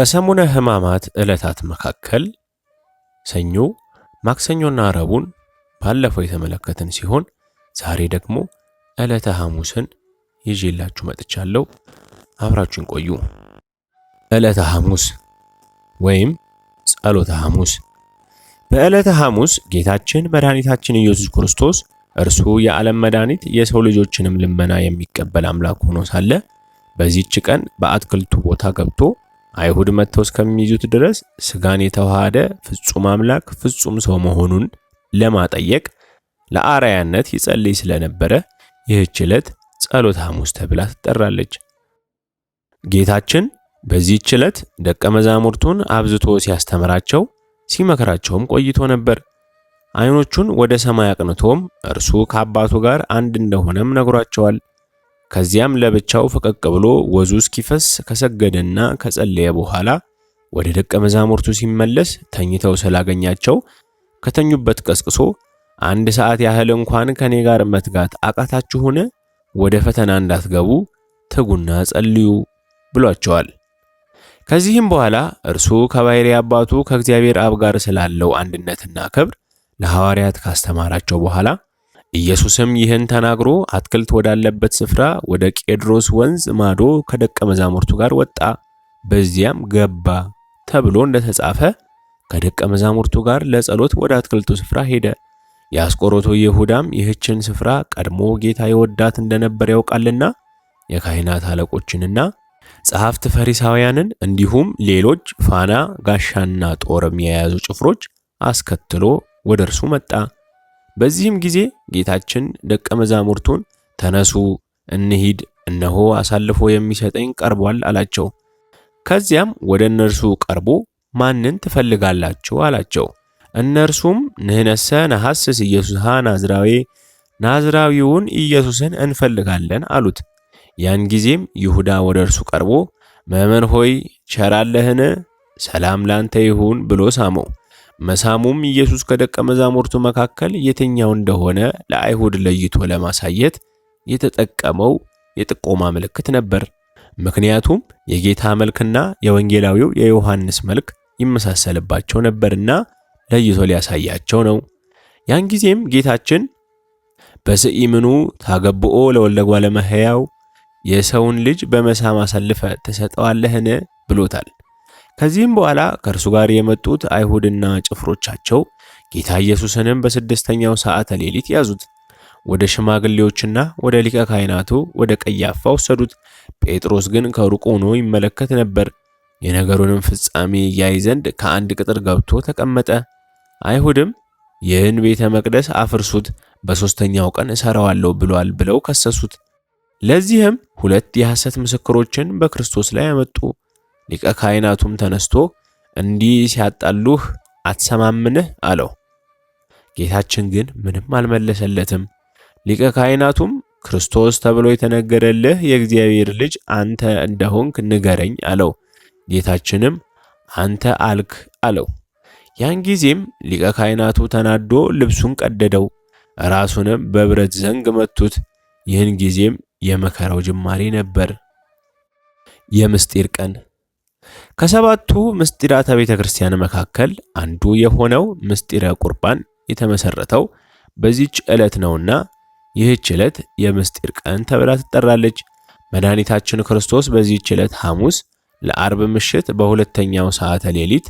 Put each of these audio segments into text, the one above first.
ከሰሙነ ሕማማት ዕለታት መካከል ሰኞ፣ ማክሰኞና ረቡን ባለፈው የተመለከትን ሲሆን ዛሬ ደግሞ ዕለተ ሐሙስን ይዤላችሁ መጥቻለሁ። አብራችሁን ቆዩ። ዕለተ ሐሙስ ወይም ጸሎተ ሐሙስ። በዕለተ ሐሙስ ጌታችን መድኃኒታችን ኢየሱስ ክርስቶስ እርሱ የዓለም መድኃኒት የሰው ልጆችንም ልመና የሚቀበል አምላክ ሆኖ ሳለ በዚህች ቀን በአትክልቱ ቦታ ገብቶ አይሁድ መጥተው እስከሚይዙት ድረስ ስጋን የተዋሃደ ፍጹም አምላክ ፍጹም ሰው መሆኑን ለማጠየቅ ለአርአያነት ይጸልይ ስለነበረ ይህች ዕለት ጸሎተ ሐሙስ ተብላ ትጠራለች። ጌታችን በዚህች ዕለት ደቀ መዛሙርቱን አብዝቶ ሲያስተምራቸው ሲመክራቸውም ቆይቶ ነበር። አይኖቹን ወደ ሰማይ አቅንቶም እርሱ ከአባቱ ጋር አንድ እንደሆነም ነግሯቸዋል። ከዚያም ለብቻው ፈቀቅ ብሎ ወዙ እስኪፈስ ከሰገደና ከጸለየ በኋላ ወደ ደቀ መዛሙርቱ ሲመለስ ተኝተው ስላገኛቸው ከተኙበት ቀስቅሶ አንድ ሰዓት ያህል እንኳን ከኔ ጋር መትጋት አቃታችሁን? ወደ ፈተና እንዳትገቡ ትጉና ጸልዩ ብሏቸዋል። ከዚህም በኋላ እርሱ ከባሕርይ አባቱ ከእግዚአብሔር አብ ጋር ስላለው አንድነትና ክብር ለሐዋርያት ካስተማራቸው በኋላ ኢየሱስም ይህን ተናግሮ አትክልት ወዳለበት ስፍራ ወደ ቄድሮስ ወንዝ ማዶ ከደቀ መዛሙርቱ ጋር ወጣ፣ በዚያም ገባ ተብሎ እንደተጻፈ ከደቀ መዛሙርቱ ጋር ለጸሎት ወደ አትክልቱ ስፍራ ሄደ። የአስቆሮቱ ይሁዳም ይህችን ስፍራ ቀድሞ ጌታ የወዳት እንደነበር ያውቃልና የካህናት አለቆችንና ጸሐፍት ፈሪሳውያንን እንዲሁም ሌሎች ፋና ጋሻና ጦርም የያዙ ጭፍሮች አስከትሎ ወደ እርሱ መጣ። በዚህም ጊዜ ጌታችን ደቀ መዛሙርቱን ተነሱ፣ እንሂድ፣ እነሆ አሳልፎ የሚሰጠኝ ቀርቧል አላቸው። ከዚያም ወደ እነርሱ ቀርቦ ማንን ትፈልጋላችሁ አላቸው። እነርሱም ንህነሰ ነሐስስ ኢየሱስ ናዝራዊ ናዝራዊውን ኢየሱስን እንፈልጋለን አሉት። ያን ጊዜም ይሁዳ ወደ እርሱ ቀርቦ መምህር ሆይ ቸራለህን? ሰላም ላንተ ይሁን ብሎ ሳመው። መሳሙም ኢየሱስ ከደቀ መዛሙርቱ መካከል የትኛው እንደሆነ ለአይሁድ ለይቶ ለማሳየት የተጠቀመው የጥቆማ ምልክት ነበር። ምክንያቱም የጌታ መልክና የወንጌላዊው የዮሐንስ መልክ ይመሳሰልባቸው ነበርና ለይቶ ሊያሳያቸው ነው። ያን ጊዜም ጌታችን በስኢምኑ ታገብኦ ለወልደ እጓለ እመሕያው የሰውን ልጅ በመሳም አሳልፈ ትሰጠዋለህን ብሎታል። ከዚህም በኋላ ከእርሱ ጋር የመጡት አይሁድና ጭፍሮቻቸው ጌታ ኢየሱስንም በስድስተኛው ሰዓተ ሌሊት ያዙት፣ ወደ ሽማግሌዎችና ወደ ሊቀ ካህናቱ ወደ ቀያፋ ወሰዱት። ጴጥሮስ ግን ከሩቅ ሆኖ ይመለከት ነበር፣ የነገሩንም ፍጻሜ ያይ ዘንድ ከአንድ ቅጥር ገብቶ ተቀመጠ። አይሁድም ይህን ቤተ መቅደስ አፍርሱት፣ በሦስተኛው ቀን እሰራዋለሁ ብሏል ብለው ከሰሱት። ለዚህም ሁለት የሐሰት ምስክሮችን በክርስቶስ ላይ አመጡ። ሊቀ ካህናቱም ተነስቶ እንዲህ ሲያጣሉህ አትሰማምንህ አለው። ጌታችን ግን ምንም አልመለሰለትም። ሊቀ ካህናቱም ክርስቶስ ተብሎ የተነገረልህ የእግዚአብሔር ልጅ አንተ እንደሆንክ ንገረኝ አለው። ጌታችንም አንተ አልክ አለው። ያን ጊዜም ሊቀ ካህናቱ ተናዶ ልብሱን ቀደደው፣ ራሱንም በብረት ዘንግ መቱት። ይህን ጊዜም የመከራው ጅማሬ ነበር። የምስጢር ቀን ከሰባቱ ምስጢራተ ቤተ ክርስቲያን መካከል አንዱ የሆነው ምስጢረ ቁርባን የተመሰረተው በዚች ዕለት ነውና ይህች ዕለት የምስጢር ቀን ተብላ ትጠራለች። መድኃኒታችን ክርስቶስ በዚህች ዕለት ሐሙስ ለአርብ ምሽት በሁለተኛው ሰዓተ ሌሊት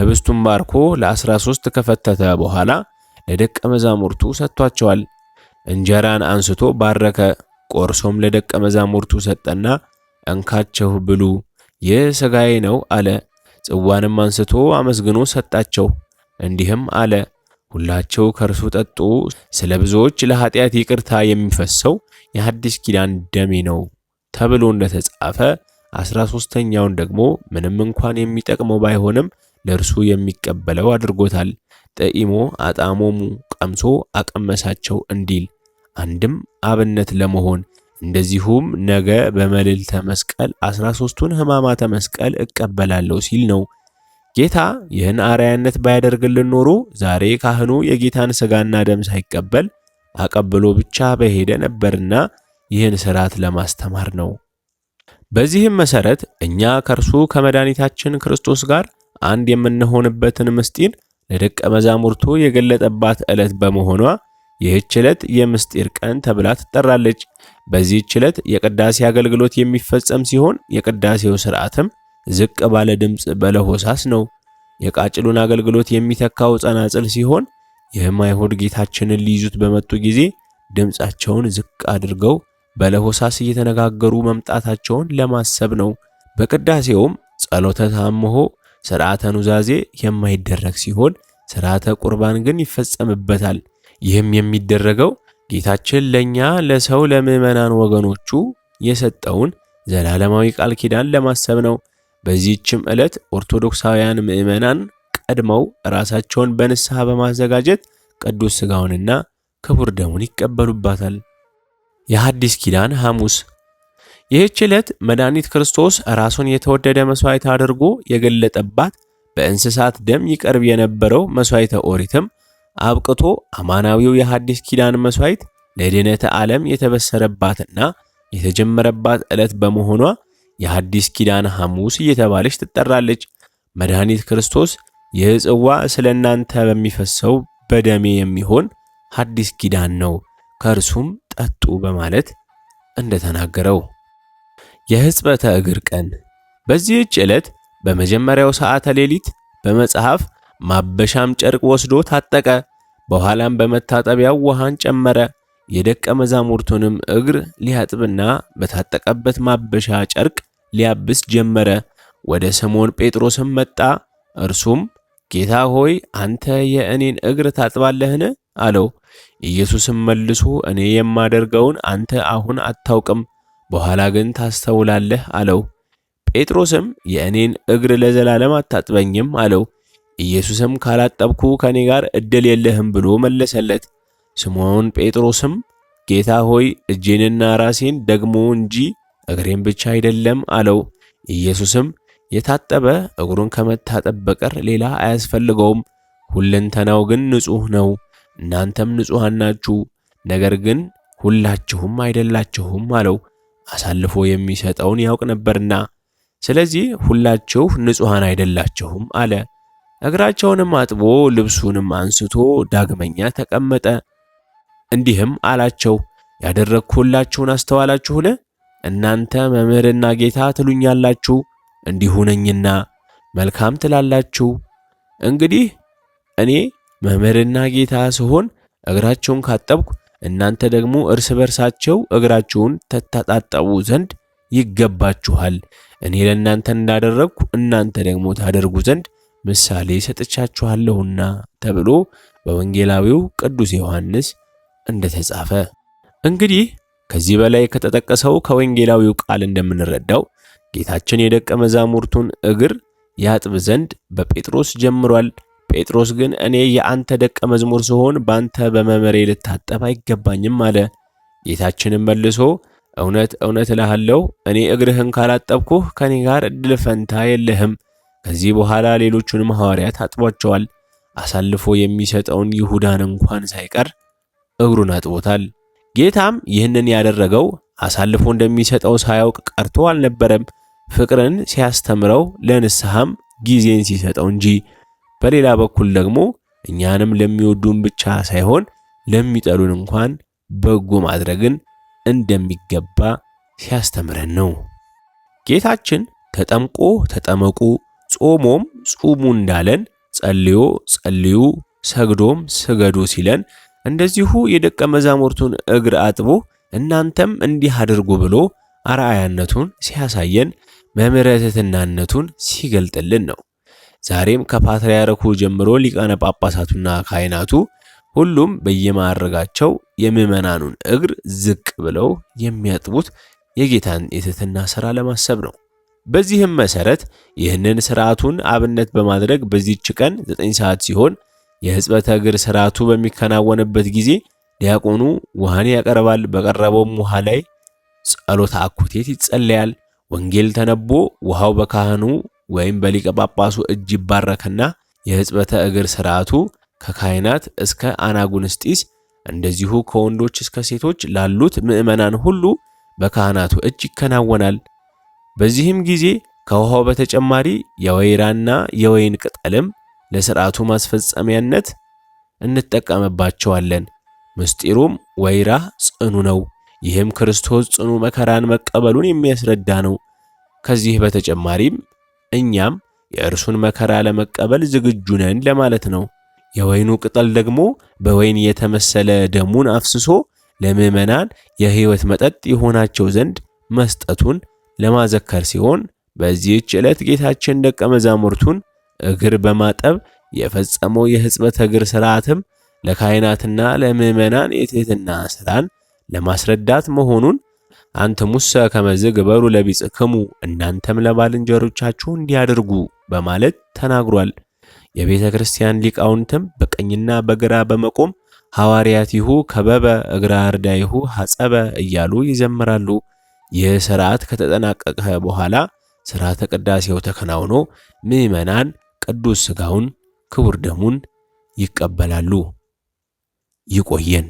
ህብስቱን ባርኮ ለ13 ከፈተተ በኋላ ለደቀ መዛሙርቱ ሰጥቷቸዋል። እንጀራን አንስቶ ባረከ፣ ቆርሶም ለደቀ መዛሙርቱ ሰጠና እንካቸው ብሉ፣ ይህ ሥጋዬ ነው አለ። ጽዋንም አንስቶ አመስግኖ ሰጣቸው፣ እንዲህም አለ ሁላቸው ከእርሱ ጠጡ። ስለ ብዙዎች ለኃጢአት ይቅርታ የሚፈሰው የሐዲስ ኪዳን ደሜ ነው ተብሎ እንደተጻፈ አስራ ሦስተኛውን ደግሞ ምንም እንኳን የሚጠቅመው ባይሆንም ለእርሱ የሚቀበለው አድርጎታል። ጠኢሞ አጣሞሙ ቀምሶ አቀመሳቸው እንዲል አንድም አብነት ለመሆን እንደዚሁም ነገ በመልዕልተ መስቀል 13ቱን ሕማማተ መስቀል እቀበላለሁ ሲል ነው። ጌታ ይህን አርያነት ባያደርግልን ኖሮ ዛሬ ካህኑ የጌታን ሥጋና ደም ሳይቀበል አቀብሎ ብቻ በሄደ ነበርና ይህን ሥርዓት ለማስተማር ነው። በዚህም መሠረት እኛ ከእርሱ ከመድኃኒታችን ክርስቶስ ጋር አንድ የምንሆንበትን ምስጢር ለደቀ መዛሙርቱ የገለጠባት ዕለት በመሆኗ ይህች ዕለት የምስጢር ቀን ተብላ ትጠራለች። በዚህች ዕለት የቅዳሴ አገልግሎት የሚፈጸም ሲሆን የቅዳሴው ሥርዓትም ዝቅ ባለ ድምፅ በለሆሳስ ነው። የቃጭሉን አገልግሎት የሚተካው ጸናጽል ሲሆን ይህም አይሁድ ጌታችንን ሊይዙት በመጡ ጊዜ ድምፃቸውን ዝቅ አድርገው በለሆሳስ እየተነጋገሩ መምጣታቸውን ለማሰብ ነው። በቅዳሴውም ጸሎተ ታምሆ፣ ሥርዓተ ኑዛዜ የማይደረግ ሲሆን ሥርዓተ ቁርባን ግን ይፈጸምበታል። ይህም የሚደረገው ጌታችን ለእኛ ለሰው ለምዕመናን ወገኖቹ የሰጠውን ዘላለማዊ ቃል ኪዳን ለማሰብ ነው። በዚህችም ዕለት ኦርቶዶክሳውያን ምዕመናን ቀድመው ራሳቸውን በንስሐ በማዘጋጀት ቅዱስ ሥጋውንና ክቡር ደሙን ይቀበሉባታል። የሐዲስ ኪዳን ሐሙስ። ይህች ዕለት መድኃኒት ክርስቶስ ራሱን የተወደደ መሥዋዕት አድርጎ የገለጠባት፣ በእንስሳት ደም ይቀርብ የነበረው መሥዋዕተ ኦሪትም አብቅቶ አማናዊው የሐዲስ ኪዳን መሥዋዕት ለድኅነተ ዓለም የተበሰረባትና የተጀመረባት ዕለት በመሆኗ የሐዲስ ኪዳን ሐሙስ እየተባለች ትጠራለች። መድኃኒት ክርስቶስ ይህ ጽዋ ስለ እናንተ በሚፈሰው በደሜ የሚሆን ሐዲስ ኪዳን ነው፣ ከእርሱም ጠጡ በማለት እንደተናገረው። የሕጽበተ እግር ቀን በዚህች ዕለት በመጀመሪያው ሰዓተ ሌሊት በመጽሐፍ ማበሻም ጨርቅ ወስዶ ታጠቀ። በኋላም በመታጠቢያው ውሃን ጨመረ። የደቀ መዛሙርቱንም እግር ሊያጥብና በታጠቀበት ማበሻ ጨርቅ ሊያብስ ጀመረ። ወደ ስምዖን ጴጥሮስም መጣ። እርሱም ጌታ ሆይ አንተ የእኔን እግር ታጥባለህን? አለው። ኢየሱስም መልሶ እኔ የማደርገውን አንተ አሁን አታውቅም፣ በኋላ ግን ታስተውላለህ አለው። ጴጥሮስም የእኔን እግር ለዘላለም አታጥበኝም አለው። ኢየሱስም ካላጠብኩ ከኔ ጋር እድል የለህም ብሎ መለሰለት። ስምዖን ጴጥሮስም ጌታ ሆይ እጄንና ራሴን ደግሞ እንጂ እግሬን ብቻ አይደለም አለው። ኢየሱስም የታጠበ እግሩን ከመታጠብ በቀር ሌላ አያስፈልገውም፣ ሁለንተናው ግን ንጹሕ ነው። እናንተም ንጹሐን ናችሁ፣ ነገር ግን ሁላችሁም አይደላችሁም አለው። አሳልፎ የሚሰጠውን ያውቅ ነበርና፣ ስለዚህ ሁላችሁ ንጹሐን አይደላችሁም አለ። እግራቸውንም አጥቦ ልብሱንም አንስቶ ዳግመኛ ተቀመጠ። እንዲህም አላቸው፣ ያደረግሁላችሁን አስተዋላችሁን? እናንተ መምህርና ጌታ ትሉኛላችሁ፣ እንዲሁ ነኝና መልካም ትላላችሁ። እንግዲህ እኔ መምህርና ጌታ ስሆን እግራቸውን ካጠብኩ እናንተ ደግሞ እርስ በርሳቸው እግራችሁን ተታጣጠቡ ዘንድ ይገባችኋል። እኔ ለእናንተ እንዳደረኩ እናንተ ደግሞ ታደርጉ ዘንድ ምሳሌ ሰጥቻችኋለሁና ተብሎ በወንጌላዊው ቅዱስ ዮሐንስ እንደተጻፈ። እንግዲህ ከዚህ በላይ ከተጠቀሰው ከወንጌላዊው ቃል እንደምንረዳው ጌታችን የደቀ መዛሙርቱን እግር ያጥብ ዘንድ በጴጥሮስ ጀምሯል። ጴጥሮስ ግን እኔ የአንተ ደቀ መዝሙር ስሆን በአንተ በመመሬ ልታጠብ አይገባኝም አለ። ጌታችንም መልሶ እውነት እውነት እልሃለሁ እኔ እግርህን ካላጠብኩህ ከኔ ጋር እድል ፈንታ የለህም ከዚህ በኋላ ሌሎቹንም ሐዋርያት አጥቧቸዋል። አሳልፎ የሚሰጠውን ይሁዳን እንኳን ሳይቀር እግሩን አጥቦታል። ጌታም ይህንን ያደረገው አሳልፎ እንደሚሰጠው ሳያውቅ ቀርቶ አልነበረም፣ ፍቅርን ሲያስተምረው ለንስሐም ጊዜን ሲሰጠው እንጂ። በሌላ በኩል ደግሞ እኛንም ለሚወዱን ብቻ ሳይሆን ለሚጠሉን እንኳን በጎ ማድረግን እንደሚገባ ሲያስተምረን ነው። ጌታችን ተጠምቆ ተጠመቁ ጾሞም ጹሙ እንዳለን ጸልዮ ጸልዩ ሰግዶም ስገዱ ሲለን እንደዚሁ የደቀ መዛሙርቱን እግር አጥቦ እናንተም እንዲህ አድርጉ ብሎ አርአያነቱን ሲያሳየን መምህረ ትሕትናነቱን ሲገልጥልን ነው። ዛሬም ከፓትርያርኩ ጀምሮ ሊቃነ ጳጳሳቱና ካህናቱ ሁሉም በየማዕረጋቸው የምዕመናኑን እግር ዝቅ ብለው የሚያጥቡት የጌታን የትሕትና ሥራ ለማሰብ ነው። በዚህም መሰረት ይህንን ስርዓቱን አብነት በማድረግ በዚች ቀን 9 ሰዓት ሲሆን የህጽበተ እግር ስርዓቱ በሚከናወንበት ጊዜ ዲያቆኑ ውሃን ያቀርባል። በቀረበውም ውሃ ላይ ጸሎተ አኩቴት ይጸለያል። ወንጌል ተነቦ ውሃው በካህኑ ወይም በሊቀ ጳጳሱ እጅ ይባረክና የህጽበተ እግር ስርዓቱ ከካህናት እስከ አናጉንስጢስ እንደዚሁ ከወንዶች እስከ ሴቶች ላሉት ምእመናን ሁሉ በካህናቱ እጅ ይከናወናል። በዚህም ጊዜ ከውሃው በተጨማሪ የወይራና የወይን ቅጠልም ለሥርዓቱ ማስፈጸሚያነት እንጠቀምባቸዋለን። ምስጢሩም ወይራ ጽኑ ነው። ይህም ክርስቶስ ጽኑ መከራን መቀበሉን የሚያስረዳ ነው። ከዚህ በተጨማሪም እኛም የእርሱን መከራ ለመቀበል ዝግጁ ነን ለማለት ነው። የወይኑ ቅጠል ደግሞ በወይን የተመሰለ ደሙን አፍስሶ ለምዕመናን የሕይወት መጠጥ የሆናቸው ዘንድ መስጠቱን ለማዘከር ሲሆን በዚህች ዕለት ጌታችን ደቀ መዛሙርቱን እግር በማጠብ የፈጸመው የሕጽበት እግር ሥርዓትም ለካህናትና ለምእመናን የትሕትና ሥራን ለማስረዳት መሆኑን አንትሙሰ ከመዝ ግበሩ ለቢጽክሙ እናንተም ለባልንጀሮቻችሁ እንዲያደርጉ በማለት ተናግሯል። የቤተ ክርስቲያን ሊቃውንትም በቀኝና በግራ በመቆም ይሁ ከበበ እግራ አርዳይሁ ሐጸበ እያሉ ይዘምራሉ። ይህ ስርዓት ከተጠናቀቀ በኋላ ስርዓተ ቅዳሴው ተከናውኖ ምዕመናን ቅዱስ ሥጋውን ክቡር ደሙን ይቀበላሉ። ይቆየን።